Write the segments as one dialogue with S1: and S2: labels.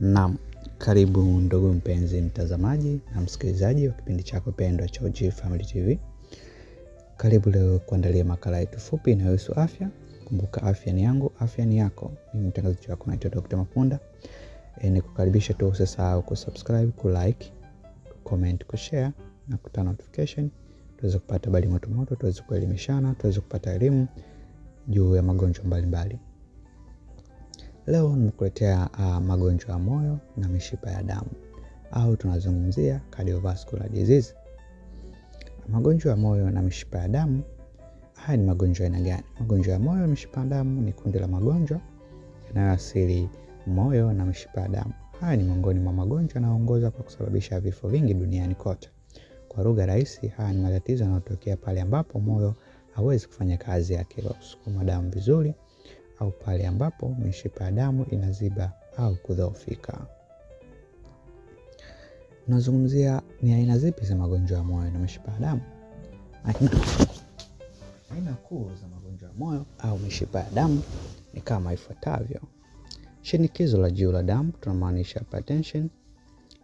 S1: nam karibu ndugu mpenzi mtazamaji na msikilizaji wa kipindi chako pendwa cha OG Family TV. Karibu leo kuandalia makala yetu fupi inayohusu afya. Kumbuka, afya ni yangu, afya ni yako. ni mtangazaji wako naitwa Dr. Mapunda. E, nikukaribisha tu usisahau kusubscribe, kulike, kucomment, kushare na kutaa notification tuweze kupata habari moto moto, tuweze kuelimishana, tuweze kupata elimu juu ya magonjwa mbalimbali. Leo nimekuletea uh, magonjwa ya moyo na mishipa ya damu au tunazungumzia cardiovascular disease. Magonjwa ya moyo na mishipa ya damu, haya ni magonjwa aina gani? Magonjwa ya moyo na mishipa ya damu ni kundi la magonjwa yanayoathiri moyo na mishipa ya damu. Haya ni miongoni mwa magonjwa yanayoongoza kwa kusababisha vifo vingi duniani kote. Kwa lugha rahisi, haya ni matatizo yanayotokea pale ambapo moyo hawezi kufanya kazi yake kwa kusukuma damu vizuri au pale ambapo mishipa ya damu inaziba au kudhoofika. unazungumzia ni aina zipi za magonjwa ya moyo na mishipa ya damu? Aina kuu za magonjwa ya moyo au mishipa ya damu ni kama ifuatavyo. Shinikizo la juu la damu tunamaanisha hypertension,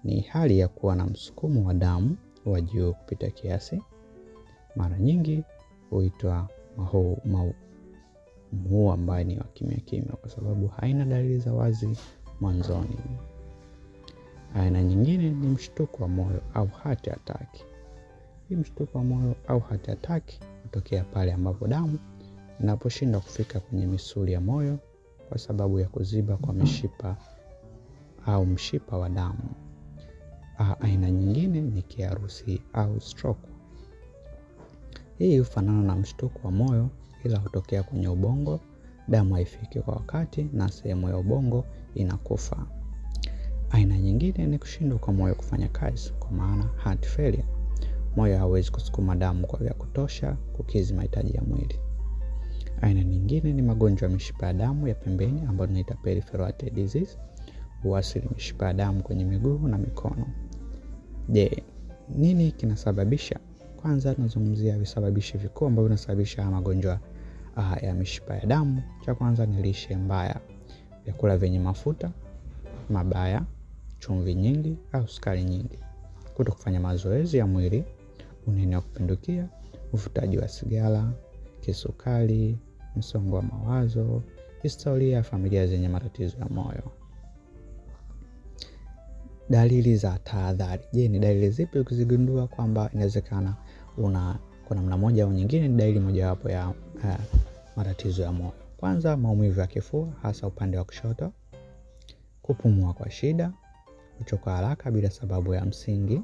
S1: ni hali ya kuwa na msukumo wa damu wa juu kupita kiasi. Mara nyingi huitwa huu ambaye ni wa kimya kimya, kwa sababu haina dalili za wazi mwanzoni. Aina nyingine ni mshtuko wa moyo au hati ataki Hii mshtuko wa moyo au hati ataki hutokea pale ambapo damu inaposhindwa kufika kwenye misuli ya moyo kwa sababu ya kuziba kwa mishipa au mshipa wa damu. Aina nyingine ni kiharusi au stroke. Hii hufanana na mshtuko wa moyo ila hutokea kwenye ubongo, damu haifiki kwa wakati na sehemu ya ubongo inakufa. Aina nyingine ni kushindwa kwa moyo kufanya kazi, kwa maana heart failure. Moyo hawezi kusukuma damu kwa vya kutosha kukizi mahitaji ya mwili. Aina nyingine ni magonjwa ya mishipa ya damu ya pembeni ambayo tunaita peripheral disease, huathiri mishipa ya damu kwenye miguu na mikono. Je, nini kinasababisha? Kwanza tunazungumzia visababishi vikuu ambavyo vinasababisha magonjwa ya mishipa ya damu, cha kwanza ni lishe mbaya, vyakula vyenye mafuta mabaya, chumvi nyingi au sukari nyingi, kuto kufanya mazoezi ya mwili, unene wa kupindukia, uvutaji wa sigara, kisukari, msongo wa mawazo, historia ya familia zenye matatizo ya moyo. Dalili za tahadhari. Je, ni dalili zipi ukizigundua kwamba inawezekana una kwa namna moja au nyingine ni dalili mojawapo ya uh, matatizo ya moyo. Kwanza, maumivu ya kifua hasa upande wa kushoto, kupumua kwa shida, kuchoka haraka bila sababu ya msingi,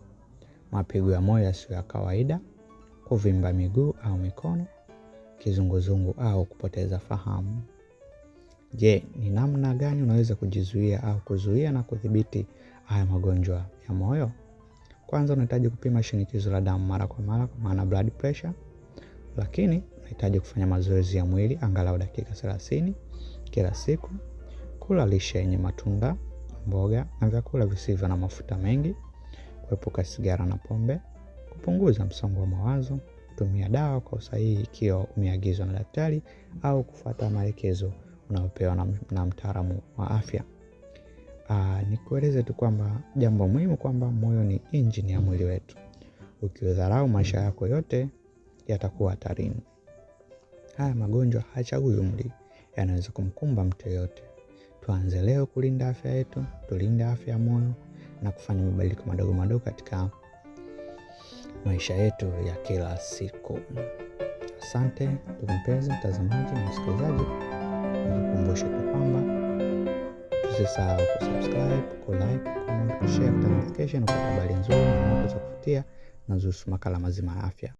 S1: mapigo ya moyo yasiyo ya kawaida, kuvimba miguu au mikono, kizunguzungu au kupoteza fahamu. Je, ni namna gani unaweza kujizuia au kuzuia na kudhibiti haya magonjwa ya moyo? Kwanza unahitaji kupima shinikizo la damu mara kwa mara kwa maana blood pressure, lakini unahitaji kufanya mazoezi ya mwili angalau dakika 30 kila siku, kula lishe yenye matunda, mboga na vyakula visivyo na mafuta mengi, kuepuka sigara na pombe, kupunguza msongo wa mawazo, kutumia dawa kwa usahihi ikiwa umeagizwa na daktari au kufuata maelekezo unayopewa na, na mtaalamu wa afya. Nikueleze tu kwamba jambo muhimu kwamba moyo ni injini ya mwili wetu. Ukiudharau maisha yako yote yatakuwa hatarini. Haya magonjwa hachagui umri, yanaweza kumkumba mtu yoyote. Tuanze leo kulinda afya yetu, tulinde afya ya moyo na kufanya mabadiliko madogo madogo katika maisha yetu ya kila siku. Asante ndugu mpenzi mtazamaji na msikilizaji, nikukumbushe tu kwamba tusisahau kusubscribe, kulike, comment, kushare, kutanifikisha na kupata habari nzuri na za kuvutia nazuhusu makala mazima ya afya.